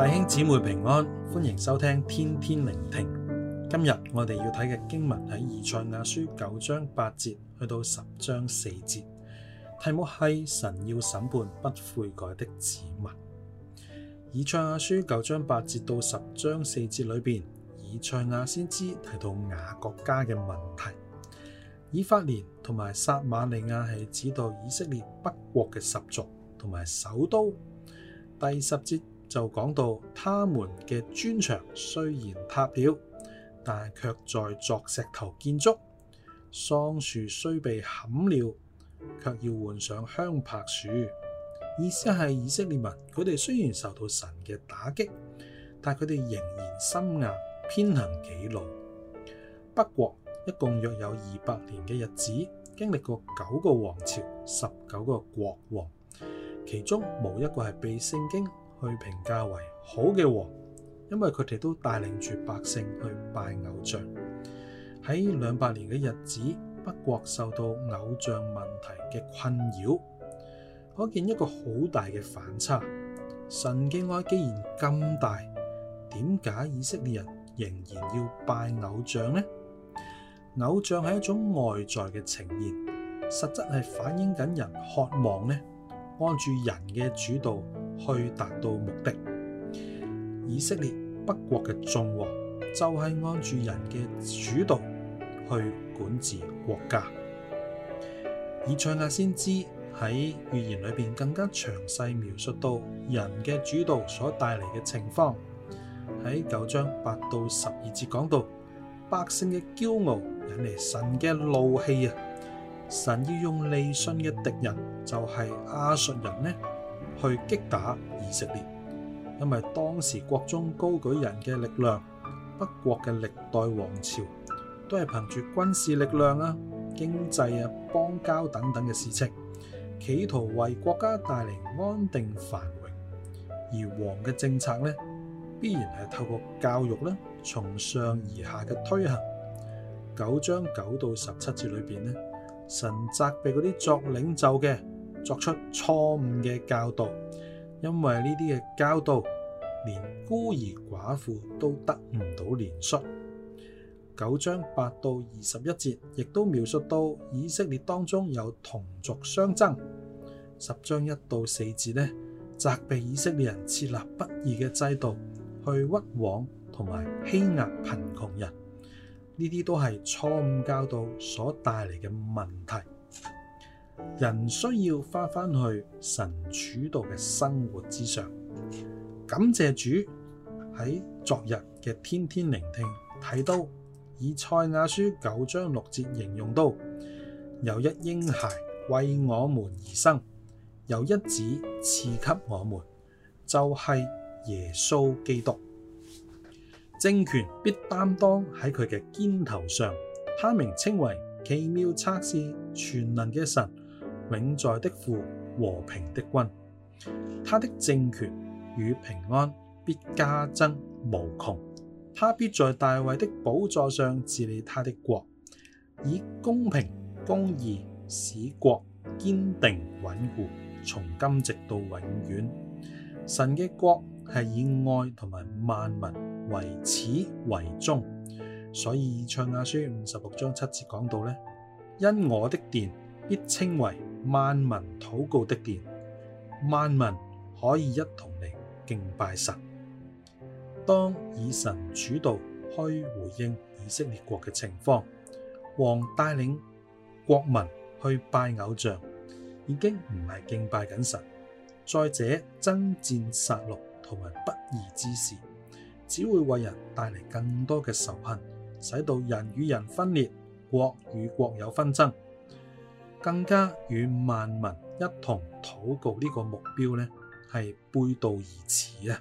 弟兄姊妹平安，歡迎收聽天天靈聽。今日我哋要睇嘅經文喺以賽亞書九章八節去到十章四節，題目係神要審判不悔改的子民。以賽亞書九章八節到十章四節裏邊，以賽亞先知提到雅各家嘅問題，以法蓮同埋撒瑪利亞係指到以色列北國嘅十族同埋首都。第十節。就講到，他們嘅磚牆雖然塌了，但卻在作石頭建築；桑樹雖被砍了，卻要換上香柏樹。意思係以色列民佢哋雖然受到神嘅打擊，但佢哋仍然心硬偏行己路。北國一共約有二百年嘅日子，經歷過九個王朝、十九個國王，其中冇一個係被聖經去評價為好嘅王，因為佢哋都帶領住百姓去拜偶像。喺兩百年嘅日子，北國受到偶像問題嘅困擾，可見一個好大嘅反差。神嘅愛既然咁大，點解以色列人仍然要拜偶像呢？偶像係一種外在嘅呈現，實質係反映緊人渴望呢，按住人嘅主導。去達到目的。以色列北國嘅眾王就係按住人嘅主導去管治國家。以賽亞先知喺預言裏邊更加詳細描述到人嘅主導所帶嚟嘅情況。喺九章八到十二節講到，百姓嘅驕傲引嚟神嘅怒氣啊！神要用利汛嘅敵人就係亞述人呢，去擊打以色列，因為當時國中高舉人嘅力量，北國嘅歷代王朝都係憑住軍事力量啊、經濟啊、邦交等等嘅事情，企圖為國家帶嚟安定繁榮。而王嘅政策呢，必然係透過教育啦，從上而下嘅推行。九章九到十七節裏邊呢，神責備嗰啲作領袖嘅。作出錯誤嘅教導，因為呢啲嘅教導連孤兒寡婦都得唔到憐恤。九章八到二十一節亦都描述到以色列當中有同族相爭。十章一到四節呢，責備以色列人設立不義嘅制度，去屈枉同埋欺壓貧窮人。呢啲都係錯誤教導所帶嚟嘅問題。人需要翻返去神主導嘅生活之上，感謝主，喺昨日嘅天天聆聽睇到以賽亞書九章六節形容到，有一嬰孩為我們而生，有一子賜給我們，就係、是、耶穌基督，政權必擔當喺佢嘅肩頭上，他名稱為奇妙策士、全能嘅神。永在的父、和平的君。他的政權與平安必加增無窮，他必在大衛的寶座上治理他的國，以公平公義使國堅定穩固，從今直到永遠。神嘅國係以愛同埋萬民為始為終，所以以賽亞書五十六章七節講到呢，因我的殿必稱為。萬民禱告的殿，萬民可以一同嚟敬拜神。當以神主導去回應以色列國嘅情況，王帶領國民去拜偶像，已經唔係敬拜緊神。再者，爭戰殺戮同埋不義之事，只會為人帶嚟更多嘅仇恨，使到人與人分裂，國與國有紛爭。更加與萬民一同禱告呢個目標呢係背道而馳啊。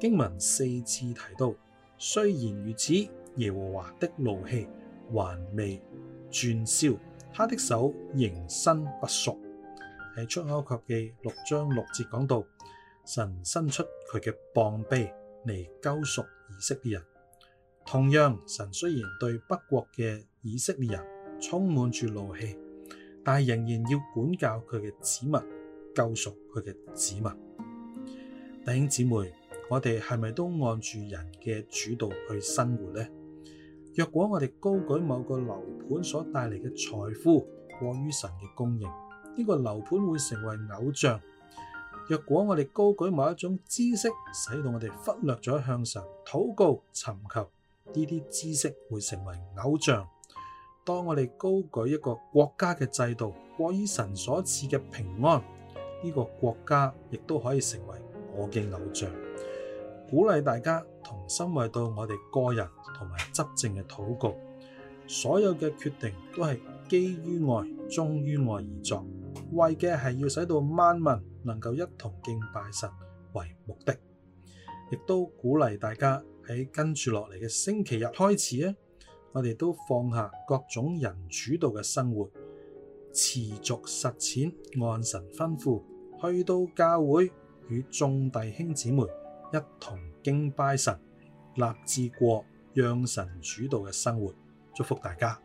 經文四次提到，雖然如此，耶和華的怒氣還未轉消，他的手仍伸不縮。喺出埃及記六章六節講到，神伸出佢嘅膀臂嚟救贖以色列人。同樣，神雖然對北國嘅以色列人充滿住怒氣。但仍然要管教佢嘅子民，救贖佢嘅子民。弟兄姊妹，我哋係咪都按住人嘅主導去生活呢？若果我哋高舉某個樓盤所帶嚟嘅財富過於神嘅供應，呢、這個樓盤會成為偶像；若果我哋高舉某一種知識，使到我哋忽略咗向神禱告、尋求，呢啲知識會成為偶像。當我哋高舉一個國家嘅制度，過於神所賜嘅平安，呢、這個國家亦都可以成為我嘅偶像。鼓勵大家同心為到我哋個人同埋執政嘅禱告。所有嘅決定都係基於愛、忠於愛而作，為嘅係要使到萬民能夠一同敬拜神為目的。亦都鼓勵大家喺跟住落嚟嘅星期日開始啊我哋都放下各種人主導嘅生活，持續實踐，按神吩咐，去到教會與眾弟兄姊妹一同敬拜神，立志過讓神主導嘅生活，祝福大家。